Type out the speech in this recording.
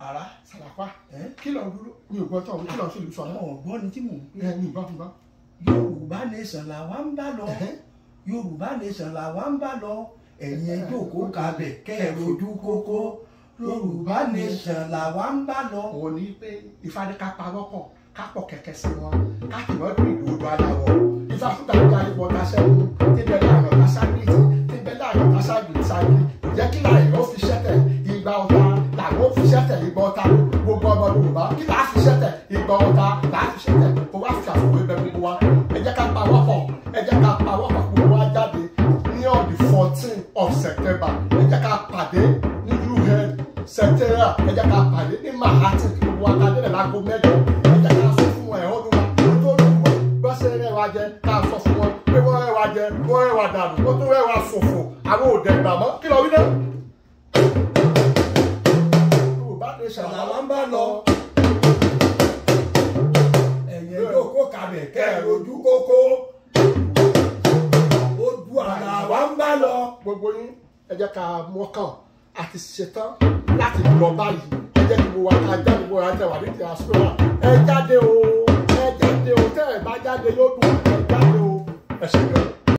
ara sàlàpà kí lọ dúró mi ò gbọ́ tọ̀ kí lọ sí ìlú sọ àwọn ọ̀gbọ́n ni tí mò ń pè é mi bá fi bá. yorùbá nation là wá ń bá lọ yorùbá nation là wá ń bá lọ ẹ̀yin ẹjọ́ kó kabẹ̀ kẹ́ ẹ rojú kókó yorùbá nation là wá ń bá lọ. òun ni pé ìfadíkà parọ́ pọ̀ ká pọ̀ kẹ̀kẹ́ sí wọn ká kì wọ́n dùn ìdòdò aláwọ̀ ìfàkúta ìjà ìwọ kásẹ́wó tí bẹ́ẹ̀ láàyò kásáàbì tí bẹ́ẹ̀ láàyò kásáàbì sáàbì jẹ́ kí láàyò fi ṣẹ́tẹ̀ ó fi iṣẹ́ tẹ̀ igba ọ̀tá gbogbo ọmọ Yorùbá kí tá a fi iṣẹ́ tẹ̀ igba ọ̀tá tá a fi iṣẹ́ tẹ̀ kó wá fi àfikún ibẹ̀ gbogbo wa ẹ jẹ́ ká pa wọ́pọ̀ ẹ jẹ́ ká pa wọ́pọ̀ gbogbo wa jáde ní on the fourteen of September ẹ jẹ́ ká pàdé ní UN secretariat ẹ jẹ́ ká pàdé ní Manhattan gbogbo wa ká dé láago mẹ́jọ ẹ jẹ́ ká sọ fún ẹ̀hónú wa tó lù wọ́n bọ́sẹ̀ rẹ̀ wá jẹ́ ká sọ fún wọn pé wọ́n rẹ̀ wá jẹ́ wọ́n rẹ̀ wá dànù wọ́n tó rẹ̀ wá ṣòfò àwọn òdẹ̀gbàmọ́ kí lọ wí náà. kẹ̀kẹ́ ojú kókó ojú àrà wa ń bá lọ. gbogbo yín ẹ ká mọ́kàn àti ṣetán láti lọ báyìí ẹ kí gbogbo wa ká jáde gbogbo wa tẹ̀ wá ní tìrasúrà ẹ jáde o ẹ jáde o tẹ́ ẹ bá jáde yóò dùn ẹ jáde o ẹ ṣe bẹ́ẹ̀.